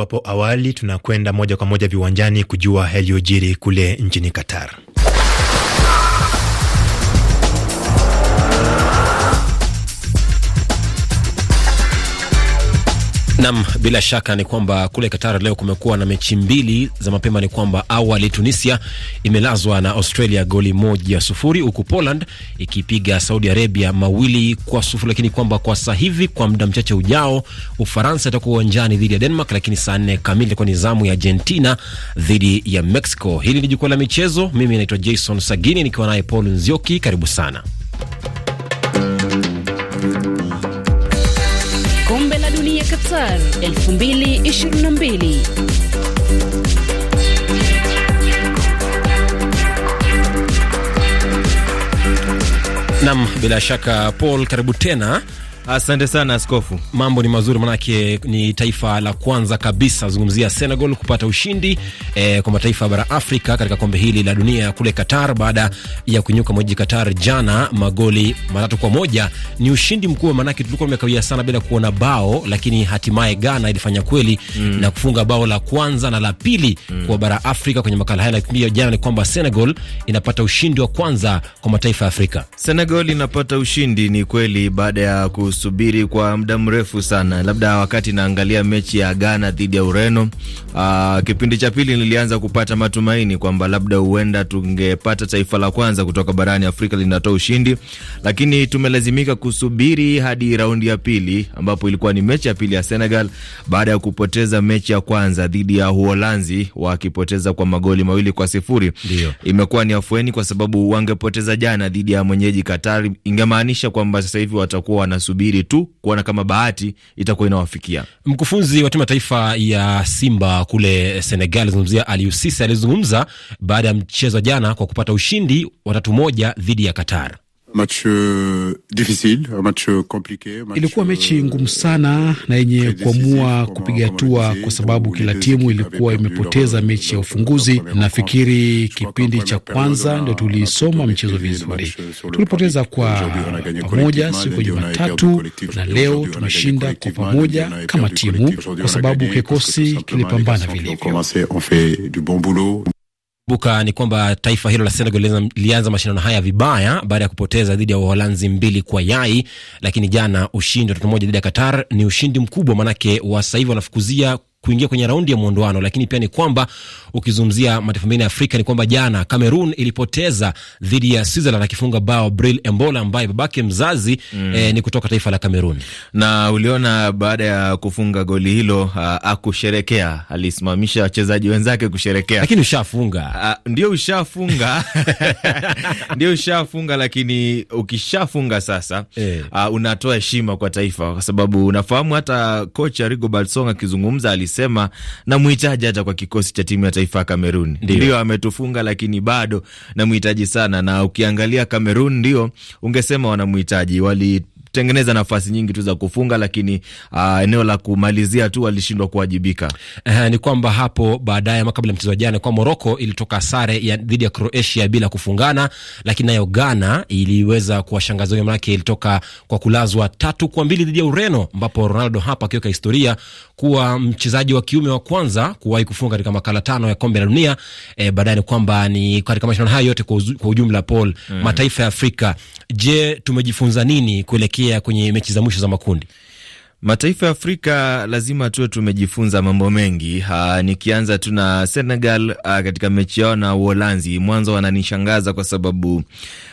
hapo awali, tunakwenda moja kwa moja viwanjani kujua yaliyojiri kule nchini Qatar. Nam, bila shaka ni kwamba kule Qatar leo kumekuwa na mechi mbili za mapema. Ni kwamba awali Tunisia imelazwa na Australia goli moja sufuri, huku Poland ikipiga Saudi Arabia mawili kwa sufuri, lakini kwamba kwa sasa hivi kwa muda mchache ujao Ufaransa itakuwa uwanjani dhidi ya Denmark, lakini saa nne kamili ni nizamu ya Argentina dhidi ya Mexico. Hili ni jukwaa la michezo. Mimi naitwa Jason Sagini nikiwa naye Paul Nzioki. Karibu sana. Nam, bila shaka Paul, karibu tena Asante sana askofu. Mambo ni mazuri, manake ni taifa la kwanza kabisa zungumzia Senegal kupata ushindi e, kwa mataifa ya bara Afrika katika kombe hili la dunia kule Qatar, baada ya kunyuka mweji Qatar jana magoli matatu kwa moja. Ni ushindi mkubwa, manake tulikuwa tumekawia sana bila kuona bao, lakini hatimaye Ghana ilifanya kweli mm, na kufunga bao la kwanza na la pili mm, kwa bara Afrika. Kwenye makala haya pia jana ni kwamba Senegal inapata ushindi wa kwanza kwa mataifa ya Afrika. Senegal inapata ushindi, ni kweli baada ya kus kusubiri kwa muda mrefu sana, labda wakati naangalia mechi ya Ghana dhidi ya Ureno. Aa, ah, kipindi cha pili nilianza kupata matumaini kwamba labda huenda tungepata taifa la kwanza kutoka barani Afrika linatoa ushindi, lakini tumelazimika kusubiri hadi raundi ya pili, ambapo ilikuwa ni mechi ya pili ya Senegal baada ya kupoteza mechi ya kwanza dhidi ya Uholanzi, wakipoteza kwa magoli mawili kwa sifuri. Dio. Imekuwa ni afueni kwa sababu wangepoteza jana dhidi ya mwenyeji Katari, ingemaanisha kwamba sasa hivi watakuwa wanasubiri kusubiri tu kuona kama bahati itakuwa inawafikia. Mkufunzi wa timu ya taifa ya Simba kule Senegal alizungumzia Aliou Cisse, alizungumza baada ya mchezo jana kwa kupata ushindi wa tatu moja dhidi ya Qatar. Match euh, difficile, match compliqué, match ilikuwa mechi euh, ngumu sana na yenye kuamua kupiga hatua, kwa sababu kila timu ilikuwa imepoteza mechi ya ufunguzi. Nafikiri kipindi cha kwanza ndio tuliisoma mchezo vizuri, tulipoteza kwa pamoja siku ya Jumatatu, na leo tunashinda kwa pamoja kama timu, kwa sababu kikosi kilipambana vilivyo. Kumbuka ni kwamba taifa hilo la Senegal lilianza mashindano haya vibaya baada ya kupoteza dhidi ya Uholanzi mbili kwa yai, lakini jana ushindi wa tatu moja dhidi ya Qatar ni ushindi mkubwa, maanake wasaivi wanafukuzia kuingia kwenye raundi ya mwondoano, lakini pia ni kwamba ukizungumzia mataifa mengine ya Afrika ni kwamba jana Cameroon ilipoteza dhidi ya Switzerland akifunga bao Bril Embola ambaye babake mzazi mm. eh, ni kutoka taifa la Cameroon. Na uliona baada ya kufunga goli hilo ah, akusherekea, alisimamisha wachezaji wenzake kusherekea, lakini ushafunga, ah, ndio ushafunga, ndio ushafunga, lakini ukishafunga sasa eh. Uh, unatoa heshima kwa taifa kwa sababu unafahamu hata kocha Rigobert Song akizungumza alis akisema namhitaji hata kwa kikosi cha timu ya taifa ya Kamerun. Ndio ametufunga, lakini bado namhitaji sana, na ukiangalia Kamerun ndio ungesema wanamhitaji wali kutengeneza nafasi nyingi tu za kufunga, lakini uh, eneo la kumalizia tu walishindwa kuwajibika. Uh, ni kwamba hapo baadaye ama kabla mchezo wa jana kwa Moroko ilitoka sare ya dhidi ya Croatia bila kufungana, lakini nayo Ghana iliweza kuwashangaza wengi, manake ilitoka kwa kulazwa tatu kwa mbili dhidi ya Ureno, ambapo Ronaldo hapa akiweka historia kuwa mchezaji wa kiume wa kwanza kuwahi kufunga katika makala tano ya kombe la dunia. E, baadaye ni kwamba ni katika mashindano hayo yote kwa ujumla, Paul, mm, mataifa ya Afrika, je, tumejifunza nini kuelekea kuelekea kwenye mechi za mwisho za makundi? Mataifa ya Afrika lazima tuwe tumejifunza mambo mengi. nikianza tu na Senegal katika mechi yao na Uholanzi mwanzo wananishangaza kwa sababu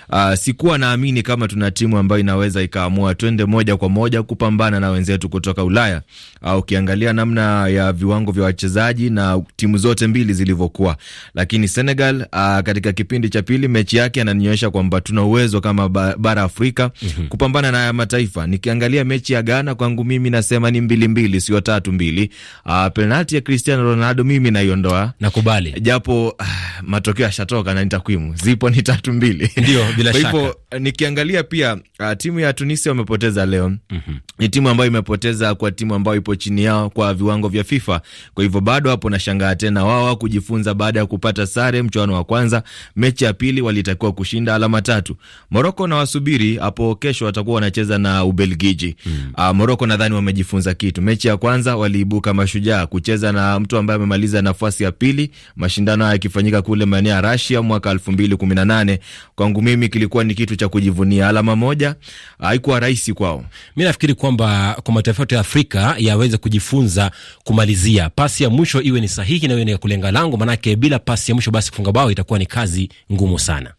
uh, sikuwa naamini kama tuna timu ambayo inaweza ikaamua twende moja kwa moja kupambana na wenzetu kutoka Ulaya. Uh, ukiangalia namna ya viwango vya wachezaji na timu zote mbili zilivyokuwa, lakini Senegal uh, katika kipindi cha pili mechi yake ananionyesha kwamba tuna uwezo kama bara Afrika mm -hmm. kupambana na haya mataifa. Nikiangalia mechi ya Ghana kwangu mimi nasema ni mbili mbili, sio tatu mbili. Uh, penalti ya Cristiano Ronaldo mimi naiondoa, nakubali japo uh, matokeo yashatoka na ni takwimu zipo, ni tatu mbili ndio Bila kwa hivyo eh, nikiangalia pia uh, timu ya Tunisia wamepoteza leo. mm -hmm. Ni timu ambayo imepoteza kwa timu ambayo ipo chini yao kwa viwango vya FIFA. Kwa hivyo bado hapo nashangaa tena wao kujifunza baada ya kupata sare mchuano wa kwanza, mechi ya pili walitakiwa kushinda alama tatu. Moroko na wasubiri hapo, kesho watakuwa wanacheza na Ubelgiji. mm -hmm. Uh, ah, Moroko nadhani wamejifunza kitu. Mechi ya kwanza waliibuka mashujaa kucheza na mtu ambaye amemaliza nafasi ya pili, mashindano yakifanyika kule maeneo ya Rasia mwaka 2018 kwangu mimi mimi kilikuwa ni kitu cha kujivunia. Alama moja haikuwa rahisi kwao. Mi nafikiri kwamba kwa mataifa yote ya Afrika yaweze kujifunza kumalizia, pasi ya mwisho iwe ni sahihi na iwe ni ya kulenga lango, maanake bila pasi ya mwisho basi kufunga bao itakuwa ni kazi ngumu sana.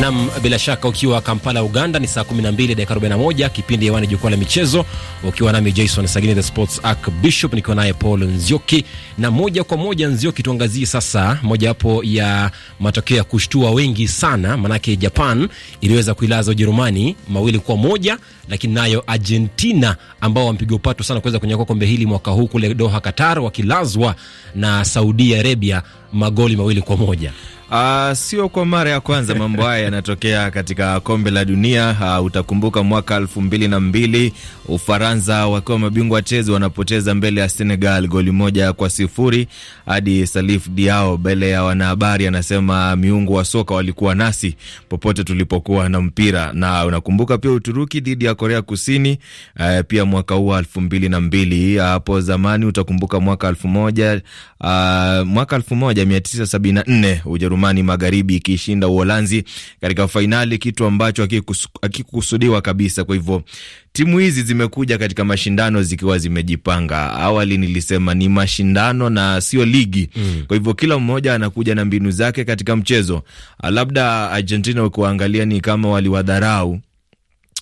Nam, bila shaka ukiwa Kampala Uganda ni saa 12 dakika 41, kipindi hewani jukwaa la michezo, ukiwa nami Jason Sagini the Sports Arc Bishop, nikiwa naye Paul Nzioki na moja kwa moja. Nzioki, tuangazie sasa mojawapo ya matokeo ya kushtua wengi sana, manake Japan iliweza kuilaza Ujerumani mawili kwa moja, lakini nayo Argentina ambao wampiga upato sana kuweza kunyakua kombe hili mwaka huu kule Doha, Qatar, wakilazwa na Saudi Arabia magoli mawili kwa moja. Uh, sio kwa mara ya kwanza mambo haya yanatokea katika kombe la dunia. Uh, utakumbuka mwaka elfu mbili na mbili Ufaransa wakiwa mabingwa wachezi wanapoteza mbele ya Senegal goli moja kwa sifuri hadi Salif Diao mbele ya wanahabari anasema miungu wa soka walikuwa nasi popote tulipokuwa na mpira. Na unakumbuka pia Uturuki dhidi ya Korea Kusini, uh, pia mwaka huu elfu mbili na mbili hapo uh, zamani utakumbuka mwaka elfu moja uh, mwaka elfu moja mia tisa sabini na nne Ujerumani Ujerumani Magharibi ikishinda Uholanzi katika fainali, kitu ambacho hakikukusudiwa kabisa. Kwa hivyo timu hizi zimekuja katika mashindano zikiwa zimejipanga. Awali nilisema ni mashindano na sio ligi mm. Kwa hivyo kila mmoja anakuja na mbinu zake katika mchezo. Labda Argentina ukiwaangalia ni kama waliwadharau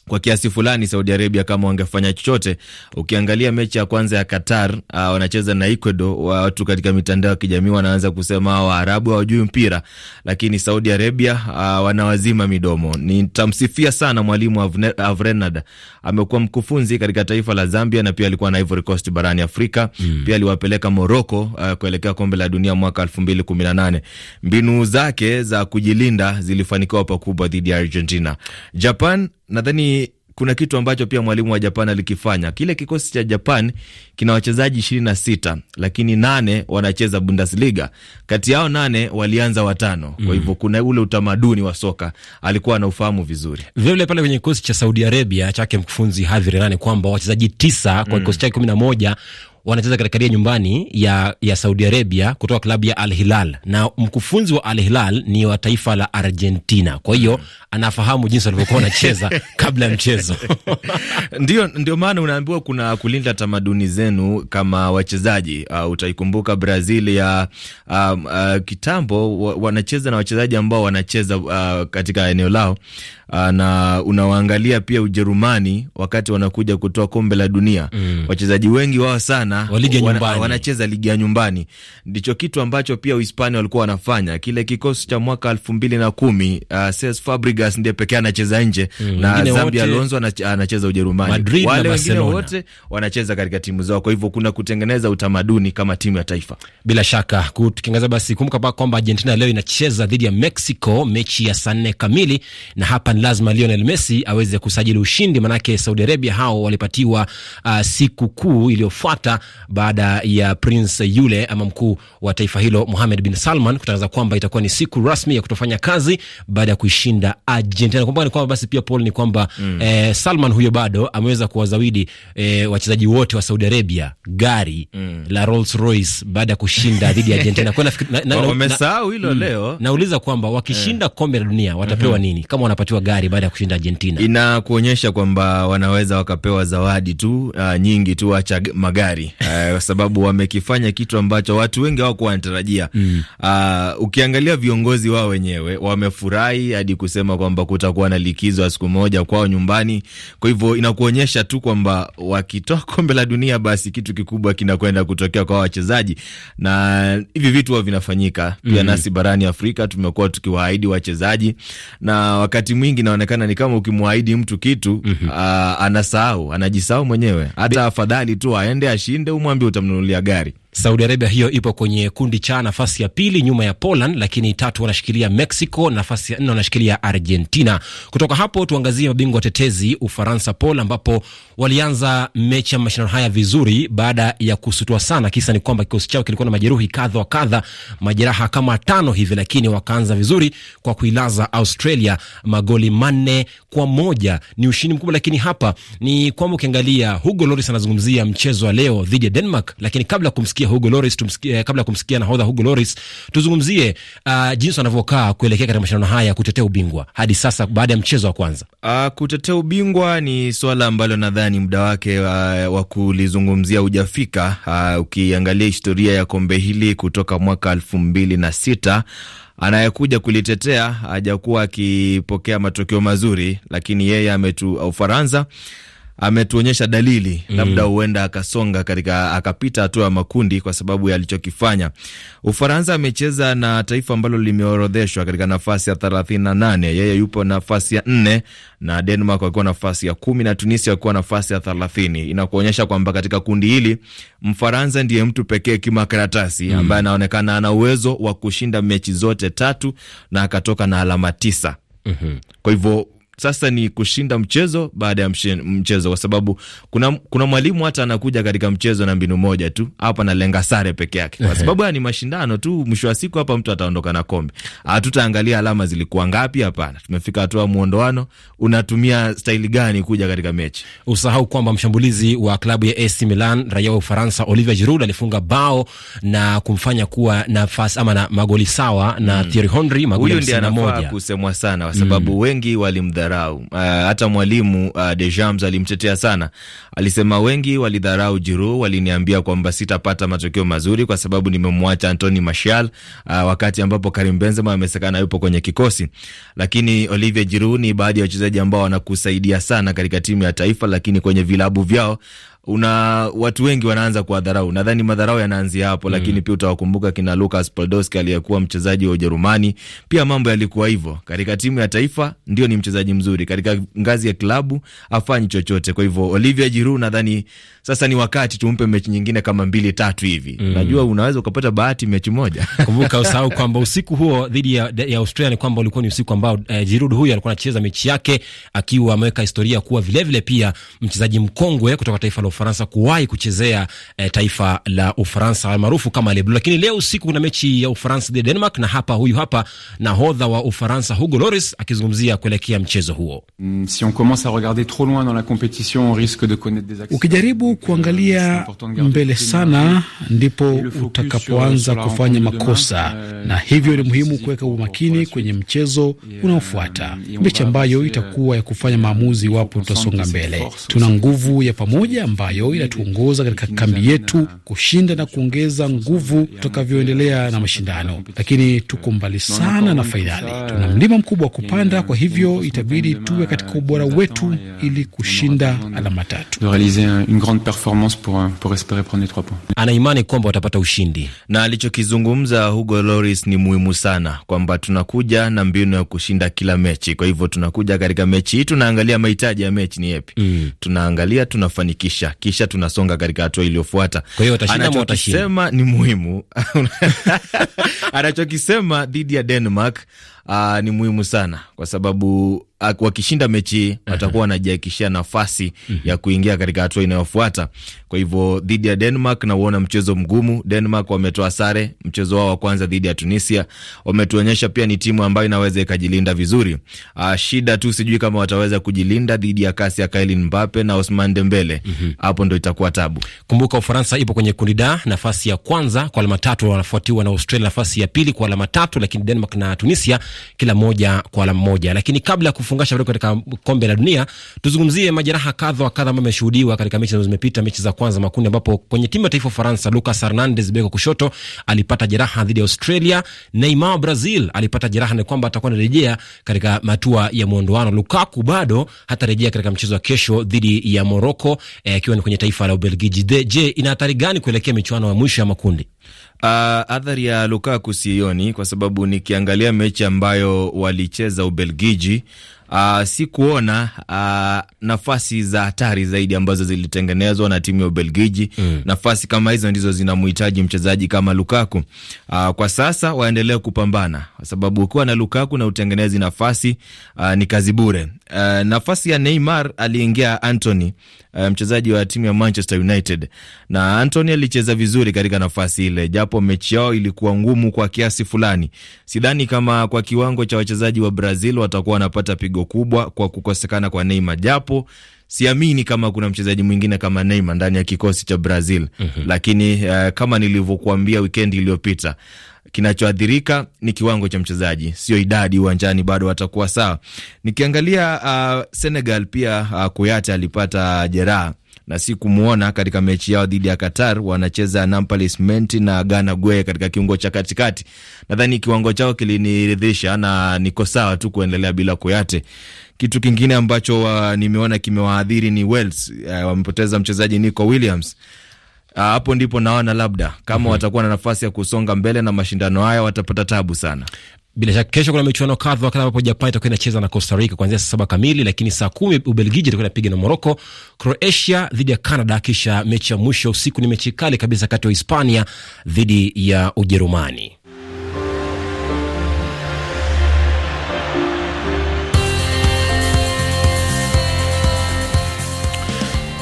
kwa kiasi fulani Saudi Arabia kama wangefanya chochote. Ukiangalia mechi ya kwanza ya Qatar, uh, wanacheza na Ecuador, watu katika mitandao ya kijamii wanaanza kusema Waarabu hawajui mpira, lakini Saudi Arabia uh, wanawazima midomo. Nitamsifia sana mwalimu Avrenada amekuwa mkufunzi katika taifa la Zambia na pia alikuwa na Ivory Coast barani Afrika mm. Pia aliwapeleka Morocco uh, kuelekea kombe la dunia mwaka 2018. Mbinu zake za kujilinda zilifanikiwa pakubwa dhidi ya Argentina. Japan nadhani kuna kitu ambacho pia mwalimu wa Japan alikifanya. Kile kikosi cha Japan kina wachezaji ishirini na sita lakini nane wanacheza Bundesliga, kati yao nane walianza watano. Kwa hivyo mm. kuna ule utamaduni wa soka alikuwa anaufahamu vizuri. Vilevile pale kwenye kikosi cha Saudi Arabia chake mkufunzi Hadhir kwamba wachezaji tisa kwa mm. kikosi chake kumi na moja wanacheza katika ya nyumbani ya, ya Saudi Arabia kutoka klabu ya Al Hilal, na mkufunzi wa Al Hilal ni wa taifa la Argentina. Kwa hiyo mm. anafahamu jinsi walivyokuwa wanacheza kabla ya mchezo ndio, ndio maana unaambiwa kuna kulinda tamaduni zenu kama wachezaji. Uh, utaikumbuka Brazil ya uh, uh, kitambo wanacheza na wachezaji ambao wanacheza uh, katika eneo lao Ah, na unawaangalia pia Ujerumani wakati wanakuja kutoa kombe la dunia mm. wachezaji wengi wao sana wana, wanacheza ligi ya nyumbani. Ndicho kitu ambacho pia Uhispania walikuwa wanafanya. Kile kikosi cha mwaka elfu mbili na kumi uh, Cesc Fabregas ndiye pekee anacheza nje mm. na Xabi Alonso anacheza Ujerumani. Madrid wale wengine wote wanacheza katika timu zao, kwa hivyo kuna kutengeneza utamaduni kama timu ya taifa. Bila shaka tukiangaza basi, kumbuka kwamba Argentina leo inacheza dhidi ya Mexico mechi ya saa nne kamili na hapa ni lazima Lionel Messi aweze kusajili ushindi, manake Saudi Arabia hao walipatiwa uh, siku kuu iliyofuata baada ya prince yule ama mkuu wa taifa hilo Mohamed bin Salman kutangaza kwamba itakuwa ni siku rasmi ya kutofanya kazi baada ya kuishinda Argentina. Kumbuka ni kwamba basi pia Paul ni kwamba mm. eh, Salman huyo bado ameweza kuwazawidi eh, wachezaji wote wa Saudi Arabia gari mm. la Rolls Royce baada ya kushinda dhidi ya Argentina. Kwa nafikiri na, na, na, na, na, na, na, na, na, na, nauliza kwamba wakishinda yeah. kombe la dunia watapewa mm -hmm. nini kama wanapatiwa magari baada ya kushinda Argentina. Inakuonyesha kwamba wanaweza wakapewa zawadi tu uh, nyingi tu, acha magari uh, kwa uh, sababu wamekifanya kitu ambacho watu wengi hawakuwa wanatarajia mm. Uh, ukiangalia viongozi wao wenyewe wamefurahi hadi kusema kwamba kutakuwa na likizo ya siku moja kwao nyumbani. Kwa hivyo inakuonyesha tu kwamba wakitoa kombe la dunia, basi kitu kikubwa kinakwenda kutokea kwa wachezaji, na hivi vitu huwa vinafanyika pia mm. Nasi barani Afrika tumekuwa tukiwaahidi wachezaji na wakati mwingi nyingi inaonekana ni kama ukimwahidi mtu kitu mm -hmm. anasahau, anajisahau mwenyewe. Hata afadhali tu aende ashinde, umwambie utamnunulia gari Saudi Arabia hiyo ipo kwenye kundi cha nafasi ya pili nyuma ya Poland, lakini tatu wanashikilia Mexico, nafasi ya nne wanashikilia Argentina. Kutoka hapo tuangazie mabingwa watetezi Ufaransa, Poland, ambapo walianza mechi ya mashindano haya vizuri baada ya kusutwa sana. Kisa ni kwamba kikosi chao kilikuwa na majeruhi kadha wa kadha, majeraha kama tano hivi, lakini wakaanza vizuri kwa kuilaza Australia magoli manne kwa moja. Ni ushindi mkubwa, lakini hapa ni kwamba ukiangalia Hugo Loris anazungumzia mchezo wa leo dhidi ya Denmark, lakini kabla ya kumsikia kumsikia Hugo Loris, tumsikie, eh, kabla ya kumsikia nahodha Hugo Loris, tuzungumzie uh, jinsi wanavyokaa kuelekea katika mashindano haya kutetea ubingwa hadi sasa baada ya mchezo wa kwanza. Uh, kutetea ubingwa ni swala ambalo nadhani muda wake uh, wa kulizungumzia hujafika. Uh, ukiangalia historia ya kombe hili kutoka mwaka elfu mbili na sita anayekuja kulitetea hajakuwa akipokea matokeo mazuri, lakini yeye ametu Ufaransa ametuonyesha dalili mm, labda huenda akasonga katika akapita hatua ya makundi kwa sababu ya alichokifanya. Ufaransa amecheza na taifa ambalo limeorodheshwa katika nafasi ya 38, yeye yupo nafasi ya 4 na Denmark wakiwa nafasi ya 10 na Tunisia wakiwa nafasi ya 30. Inakuonyesha kwamba katika kundi hili Mfaransa ndiye mtu pekee kimakaratasi mm, ambaye anaonekana ana uwezo wa kushinda mechi zote tatu na akatoka na alama tisa. Mm -hmm. Kwa hivyo sasa ni kushinda mchezo baada ya mchezo, kwa sababu kuna, kuna mwalimu hata anakuja katika mchezo na mbinu moja tu, hapa analenga sare peke yake, kwa sababu haya ni mashindano tu. Mwisho wa siku hapa mtu ataondoka na kombe. Hatutaangalia alama zilikuwa ngapi, hapana. Tumefika hatua muondoano, unatumia staili gani kuja katika mechi. Usahau kwamba mshambulizi wa klabu ya AC Milan raia wa Ufaransa Olivier Giroud alifunga bao na kumfanya kuwa nafasi ama na magoli sawa na mm. Thierry Henry magoli 51 huyu ndiye anafaa kusemwa sana kwa sababu mm. wengi walimdha kudharau. Uh, ah, hata mwalimu uh, Dejams alimtetea sana, alisema wengi walidharau jiru waliniambia kwamba sitapata matokeo mazuri kwa sababu nimemwacha antoni mashal uh, ah, wakati ambapo Karim Benzema amesekana yupo kwenye kikosi. Lakini Olivier jiru ni baadhi ya wachezaji ambao wanakusaidia sana katika timu ya taifa, lakini kwenye vilabu vyao una watu wengi wanaanza kuwadharau. Nadhani madharau yanaanzia hapo, mm. lakini mm. pia utawakumbuka kina Lukas Podolski aliyekuwa mchezaji wa Ujerumani, pia mambo yalikuwa hivyo. Katika timu ya taifa ndio ni mchezaji mzuri, katika ngazi ya klabu afanyi chochote. Kwa hivyo Olivia Jiru, nadhani sasa ni wakati tumpe mechi nyingine kama mbili tatu hivi mm. najua unaweza ukapata bahati mechi moja. Kumbuka usahau kwamba usiku huo dhidi ya, ya Australia ni kwamba ulikuwa ni usiku ambao eh, Jirud huyu alikuwa anacheza mechi yake akiwa ameweka historia kuwa vilevile vile pia mchezaji mkongwe kutoka taifa la la Ufaransa kuwahi kuchezea e, taifa la Ufaransa maarufu kama Le Bleu. Lakini leo usiku kuna mechi ya Ufaransa dhidi ya Denmark, na hapa huyu hapa nahodha wa Ufaransa Hugo Loris akizungumzia kuelekea mchezo huo. Mm, si on commence a regarder trop loin dans la on risque de connaître des Ukijaribu euh, kuangalia mbele sana, ndipo utakapoanza kufanya makosa euh, na hivyo ni muhimu kuweka umakini kwenye mchezo euh, unaofuata, mechi ambayo itakuwa ya kufanya maamuzi iwapo tutasonga mbele. Tuna nguvu ya pamoja ambayo inatuongoza katika kambi yetu kushinda na kuongeza nguvu tutakavyoendelea na mashindano, lakini tuko mbali sana na fainali. Tuna mlima mkubwa wa kupanda, kwa hivyo itabidi tuwe katika ubora wetu ili kushinda alama tatu. Ana imani kwamba watapata ushindi, na alichokizungumza Hugo Loris ni muhimu sana, kwamba tunakuja na mbinu ya kushinda kila mechi. Kwa hivyo tunakuja katika mechi hii, tunaangalia mahitaji ya mechi ni yepi, mm. tunaangalia tunafanikisha kuisha, kisha tunasonga katika hatua iliyofuata. Kwa hiyo anachokisema ni muhimu anachokisema dhidi ya Denmark, uh, ni muhimu sana kwa sababu Ah, wakishinda mechi watakuwa wanajihakikishia nafasi mhm. ya kuingia katika hatua inayofuata. Kwa hivyo dhidi ya Denmark nauona mchezo mgumu. Denmark wametoa sare mchezo wao wa kwanza dhidi ya Tunisia, wametuonyesha pia ni timu ambayo inaweza ikajilinda vizuri. Uh, shida tu sijui kama wataweza kujilinda dhidi ya kasi ya Kylian Mbappe na Ousmane Dembele, mhm. hapo ndo itakuwa tabu. Kumbuka Ufaransa ipo kwenye kundi D, nafasi ya kwanza kwa alama tatu, wanafuatiwa na Australia nafasi ya pili kwa alama tatu, lakini Denmark na Tunisia kila moja kwa alama moja, lakini kabla ya kufungasha vitu katika kombe la dunia, tuzungumzie majeraha kadha wa kadha ambayo ameshuhudiwa katika mechi ambazo zimepita. Mechi za kwanza makundi, ambapo kwenye timu ya taifa Ufaransa, Lucas Hernandez beko kushoto alipata jeraha dhidi ya Australia. Neymar Brazil alipata jeraha ni kwamba atakuwa anarejea katika matua ya mwondoano. Lukaku bado hatarejea katika mchezo wa kesho dhidi ya Morocco eh, akiwa eh, ni kwenye taifa la Ubelgiji. Je, ina hatari gani kuelekea michuano ya mwisho ya makundi? Uh, athari ya Lukaku sioni, kwa sababu nikiangalia mechi ambayo walicheza Ubelgiji uh, sikuona uh, nafasi za hatari zaidi ambazo zilitengenezwa na timu ya Ubelgiji. Mm. Nafasi kama hizo ndizo zinamhitaji mchezaji kama Lukaku. Uh, kwa sasa waendelee kupambana kwa sababu ukiwa na Lukaku na utengenezi nafasi uh, ni kazi bure. Uh, nafasi ya Neymar aliingia Antony uh, mchezaji wa timu ya Manchester United, na Antony alicheza vizuri katika nafasi ile, japo mechi yao ilikuwa ngumu kwa kiasi fulani. Sidhani kama kwa kiwango cha wachezaji wa Brazil watakuwa wanapata pigo pigo kubwa kwa kukosekana kwa Neymar, japo siamini kama kuna mchezaji mwingine kama Neymar ndani ya kikosi cha Brazil. mm -hmm. Lakini uh, kama nilivyokuambia wikendi iliyopita kinachoathirika ni kiwango cha mchezaji, sio idadi uwanjani. Bado watakuwa sawa. Nikiangalia uh, Senegal pia uh, ah, Kuyate alipata jeraha na si kumwona katika mechi yao dhidi ya Qatar. Wanacheza Nampalis Ment na Ghana Gwe katika kiungo cha katikati. Nadhani kiwango chao kiliniridhisha na niko sawa tu kuendelea bila Kuyate. Kitu kingine ambacho uh, nimeona kimewaadhiri ni Wales. Uh, wamepoteza mchezaji Nico Williams Ah, hapo ndipo naona labda kama mm -hmm. watakuwa na nafasi ya kusonga mbele na mashindano haya watapata tabu sana. Bila shaka kesho kuna michuano kadha wakati ambapo Japan itakuwa inacheza na Costa Rica kuanzia saa saba kamili, lakini saa kumi Ubelgiji itakuwa inapiga na Moroko, Croatia dhidi ya Canada, kisha mechi ya mwisho usiku ni mechi kali kabisa kati ya Hispania dhidi ya Ujerumani.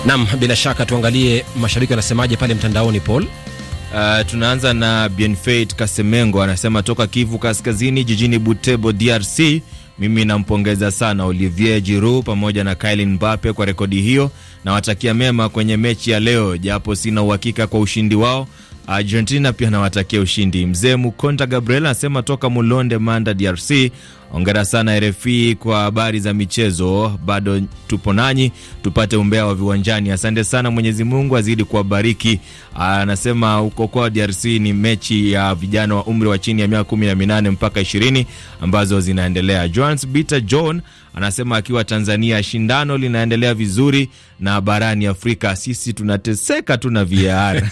Nam, bila shaka tuangalie mashabiki wanasemaje pale mtandaoni, Paul. Uh, tunaanza na Bienfait Kasemengo anasema toka Kivu Kaskazini, jijini butebo DRC. Mimi nampongeza sana Olivier Giroud pamoja na Kylian Mbappe kwa rekodi hiyo. Nawatakia mema kwenye mechi ya leo, japo sina uhakika kwa ushindi wao. Argentina pia nawatakia ushindi. Mzee Mukonta Gabriel anasema toka Mulonde Manda, DRC. Ongera sana RFI kwa habari za michezo, bado tupo nanyi, tupate umbea wa viwanjani. Asante sana, Mwenyezi Mungu azidi kuwabariki. Anasema huko kwa DRC ni mechi ya vijana wa umri wa chini ya miaka kumi na minane mpaka ishirini ambazo zinaendelea. Joans Bita John anasema akiwa Tanzania, shindano linaendelea vizuri na barani Afrika sisi tunateseka tu na VAR.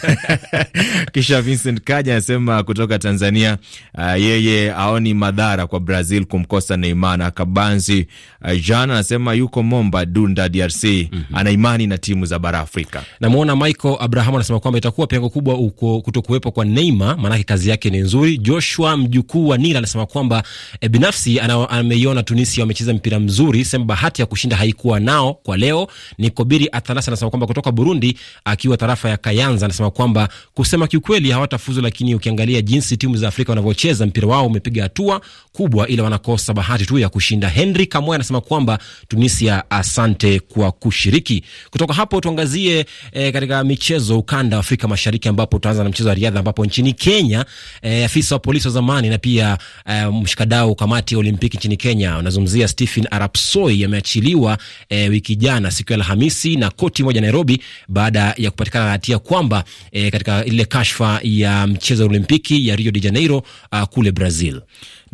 Kisha Vincent Kaja anasema kutoka Tanzania, uh, yeye aoni madhara kwa Brazil kumkosa Neymar. Na Kabanzi uh, Jean anasema yuko Momba Dunda, DRC mm -hmm. ana imani na timu za bara Afrika. Namwona Michael Abraham anasema kwamba itakuwa pengo kubwa kutokuwepo kwa Neymar, maanake kazi yake ni nzuri. Joshua mjukuu wa Nila anasema kwamba e, binafsi ameiona Tunisia wamecheza mpira mzuri, sema bahati ya kushinda haikuwa nao kwa leo. Niko Zuberi Atalasa anasema kwamba kutoka Burundi, akiwa tarafa ya Kayanza, anasema kwamba kusema kiukweli hawatafuzu, lakini ukiangalia jinsi timu za Afrika wanavyocheza mpira wao umepiga hatua kubwa, ila wanakosa bahati tu ya kushinda. Henry Kamoya anasema kwamba Tunisia, asante kwa kushiriki. Kutoka hapo tuangazie e, katika michezo ukanda wa Afrika Mashariki ambapo tutaanza na mchezo wa riadha ambapo nchini Kenya e, afisa wa polisi wa zamani na pia e, mshikadau kamati ya Olimpiki nchini Kenya anazungumzia Stephen Arapsoi ameachiliwa e, wiki jana siku ya Alhamisi na koti moja Nairobi baada ya kupatikana na hatia kwamba e, katika ile kashfa ya mchezo wa Olimpiki ya Rio de Janeiro a, ah, kule Brazil.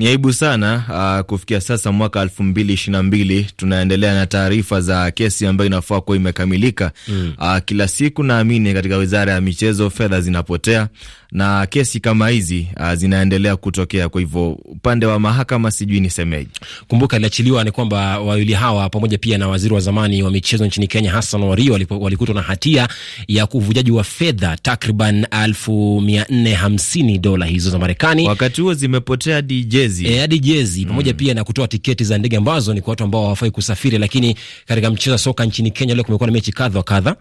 Ni aibu sana aa, uh, kufikia sasa mwaka elfu mbili ishirini na mbili tunaendelea na taarifa za kesi ambayo inafaa kuwa imekamilika mm. Uh, kila siku naamini katika wizara ya michezo fedha zinapotea na kesi kama hizi uh, zinaendelea kutokea. Kwa hivyo upande wa mahakama sijui nisemeje. Kumbuka iliachiliwa ni kwamba wawili hawa pamoja pia na waziri wa zamani wa michezo nchini Kenya Hassan Wario walikutwa na hatia ya kuvujaji wa fedha takriban elfu mia nne hamsini dola hizo za Marekani. Wakati huo zimepotea DJ jezi e, hadi jezi mm. pamoja mm. pia na kutoa tiketi za ndege ambazo ni kwa watu ambao hawafai kusafiri. Lakini katika mchezo wa soka nchini Kenya leo kumekuwa na mechi kadha wa kadha.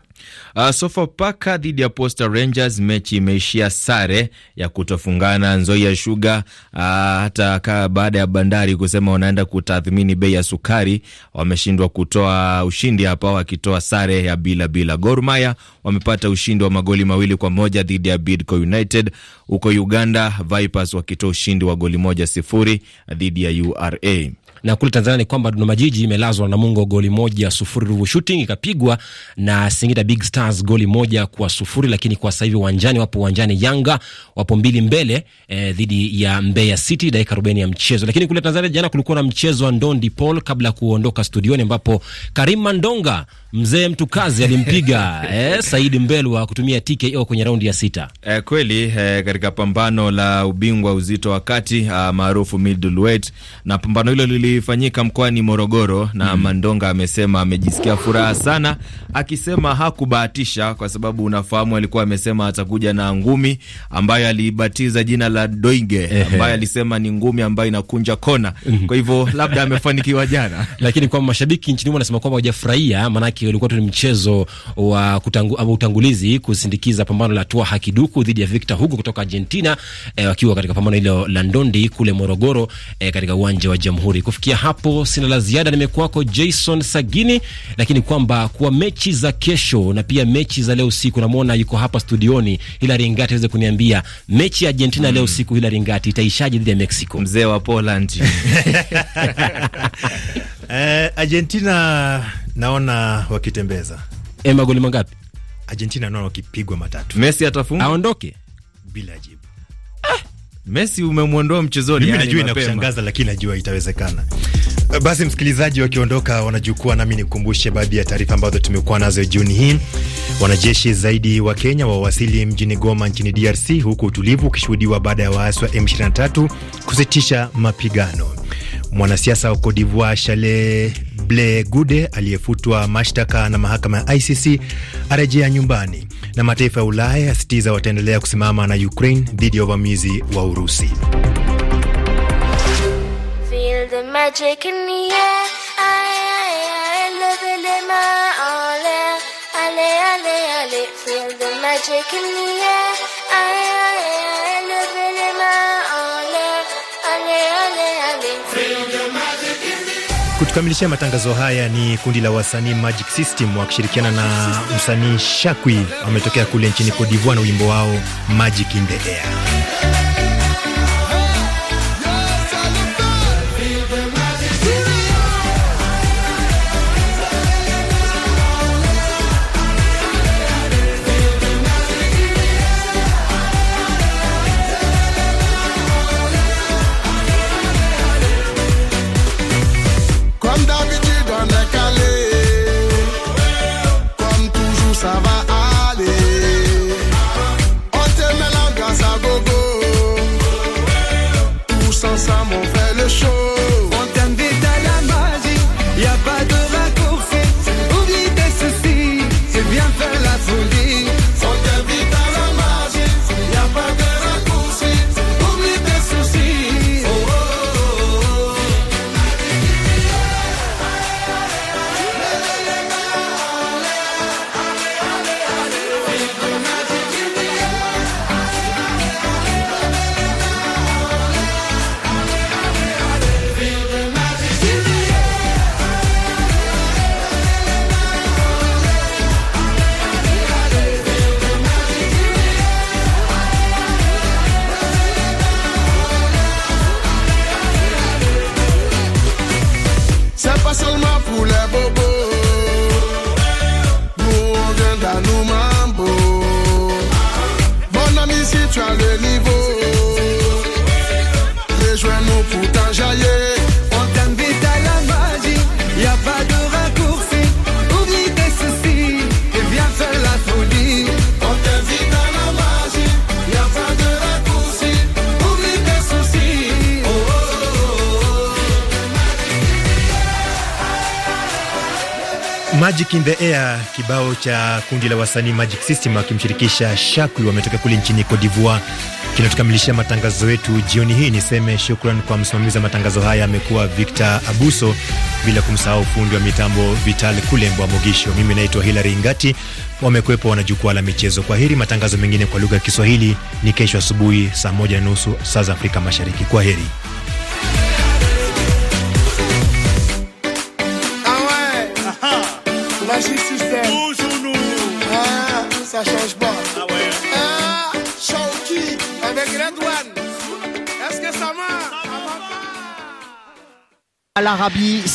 Uh, Sofapaka dhidi ya Posta Rangers, mechi imeishia sare ya kutofungana. Nzoia Sugar uh, hata kaa baada ya Bandari kusema wanaenda kutathmini bei ya sukari, wameshindwa kutoa ushindi hapa, wakitoa sare ya bila bila. Gor Mahia wamepata ushindi wa magoli mawili kwa moja dhidi ya Bidco United. Huko Uganda Vipers wakitoa ushindi wa goli moja sifuri sifuri dhidi ya URA na kule Tanzania ni kwamba Dodoma Jiji imelazwa na Namungo goli moja sufuri. Ruvu Shooting ikapigwa na Singida Big Stars goli moja kwa sufuri, lakini kwa sasa hivi uwanjani wapo uwanjani Yanga wapo mbili mbele eh, dhidi ya Mbeya City dakika arobaini ya mchezo. Lakini kule Tanzania jana kulikuwa na mchezo wa ndondi Paul kabla ya kuondoka studioni, ambapo Karim Mandonga mzee mtu kazi alimpiga eh, Saidi Mbelwa kutumia TKO kwenye raundi ya sita. Eh, kweli eh, katika pambano la ubingwa uzito wa kati ah, maarufu middleweight, na pambano hilo lilifanyika mkoani Morogoro na mm. Mandonga amesema amejisikia furaha sana, akisema hakubahatisha kwa sababu unafahamu, alikuwa amesema atakuja na ngumi ambayo alibatiza jina la Doinge, ambayo alisema ni ngumi ambayo inakunja kona. Mm-hmm. Kwa hivyo labda amefanikiwa jana, lakini kwa mashabiki nchini wanasema kwamba hawajafurahia, maanake ulikuwa tu ni mchezo wa kutangu, utangulizi kusindikiza pambano la Tua Hakiduku dhidi ya Victor Hugo kutoka Argentina, eh, wakiwa katika pambano hilo la ndondi kule Morogoro. Morogoro e, katika uwanja wa Jamhuri. Kufikia hapo sina la ziada, nimekuwako Jason Sagini, lakini kwamba kwa mechi za kesho na pia mechi za leo usiku, namwona yuko hapa studioni Hilary Ngati aweze kuniambia mechi ya Argentina mm, leo usiku Hilary Ngati itaishaje dhidi ya Mexico, mzee wa Poland? Uh, Argentina naona wakitembeza. e, magoli mangapi? Argentina naona wakipigwa matatu. Messi atafunga? Aondoke? Bila jibu. Messi umemwondoa mchezoni. Mimi najua inakushangaza, lakini najua itawezekana. Eh, basi msikilizaji, wakiondoka wanajukua, nami nikukumbushe baadhi ya taarifa ambazo tumekuwa nazo jioni hii. Wanajeshi zaidi wa Kenya wawasili mjini Goma nchini DRC, huku utulivu ukishuhudiwa baada ya waasi wa M23 kusitisha mapigano. Mwanasiasa wa Cote d'Ivoire Chale Ble Gude aliyefutwa mashtaka na mahakama ya ICC arejea nyumbani, na mataifa ya Ulaya yasitiza wataendelea kusimama na Ukraine dhidi ya uvamizi wa Urusi. kukamilishia matangazo haya ni kundi la wasanii Magic System wakishirikiana na msanii Shakwi, wametokea kule nchini Cote d'Ivoire na wimbo wao Magic in the Air. Magic in the Air, kibao cha kundi la wasanii Magic System akimshirikisha Shaklu, wametoka kule nchini Cote d'Ivoire. Kinatukamilishia matangazo yetu jioni hii. Niseme shukran kwa msimamizi wa matangazo haya amekuwa Victor Abuso, bila kumsahau fundi wa mitambo Vital Kulembwa Mogisho. Mimi naitwa Hilary Ngati, wamekwepo wana jukwaa la michezo. Kwa heri. Matangazo mengine kwa lugha ya Kiswahili ni kesho asubuhi saa moja na nusu saa za Afrika Mashariki. Kwa heri. ça change pas. Ah ouais. Hein. Ah, avec Red One. Est-ce que ça marche? À l'Arabie